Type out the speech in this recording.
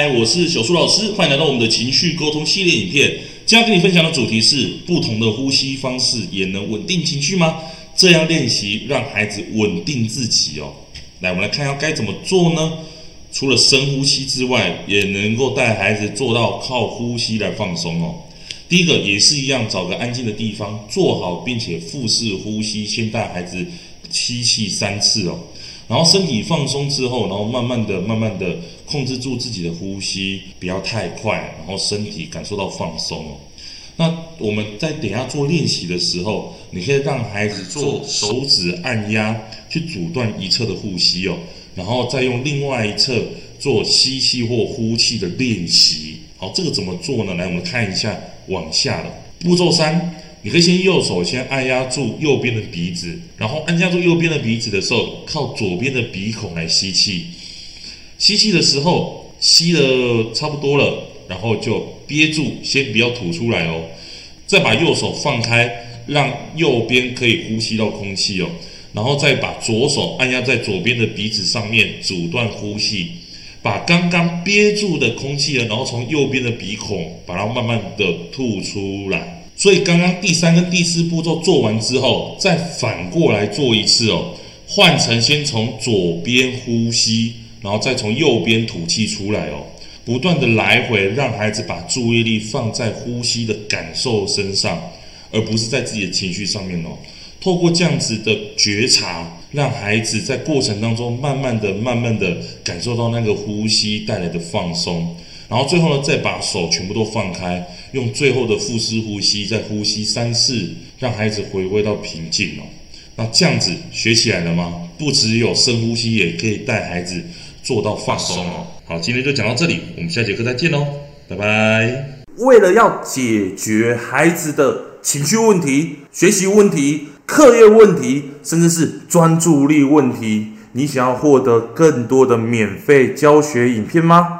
哎，我是小蘇老師，歡迎來到我們的情緒溝通系列影片。今天要跟你分享的主題是：不同的呼吸方式也能穩定情緒嗎？這樣練習讓孩子穩定自己哦。來，我們來看一下該怎麼做呢？除了深呼吸之外，也能夠帶孩子做到靠呼吸來放鬆哦。第一個也是一樣，找個安靜的地方，坐好並且腹式呼吸，先帶孩子吸氣三次哦。然後身體放鬆之後，然後慢慢的、慢慢的控制住自己的呼吸，不要太快，然後身體感受到放鬆哦。那我們在等下做練習的時候，你可以讓孩子做手指按壓，去阻斷一側的呼吸哦，然後再用另外一側做吸氣或呼氣的練習。好，這個怎麼做呢？來，我們看一下往下的步驟三。你可以先右手先按壓住右邊的鼻子，然後按壓住右邊的鼻子的時候，靠左邊的鼻孔來吸氣。吸氣的時候吸得差不多了，然後就憋住，先不要吐出來哦。再把右手放開，讓右邊可以呼吸到空氣哦。然後再把左手按壓在左邊的鼻子上面，阻斷呼吸，把剛剛憋住的空氣呢，然後從右邊的鼻孔把它慢慢的吐出來。所以，剛剛第三跟第四步驟做完之後，再反過來做一次哦，換成先從左邊呼吸，然後再從右邊吐氣出來哦，不斷的來回，讓孩子把注意力放在呼吸的感受身上，而不是在自己的情緒上面哦。透過這樣子的覺察，讓孩子在過程當中慢慢的、慢慢的感受到那個呼吸帶來的放鬆。然後最後呢，再把手全部都放開，用最後的腹式呼吸，再呼吸三次，讓孩子回歸到平靜哦。那這樣子學起來了嗎？不只有深呼吸，也可以帶孩子做到放鬆、放鬆哦。好，今天就講到這裡，我們下節課再見哦，拜拜。為了要解決孩子的情緒問題、學習問題、課業問題，甚至是專注力問題，你想要獲得更多的免費教學影片嗎？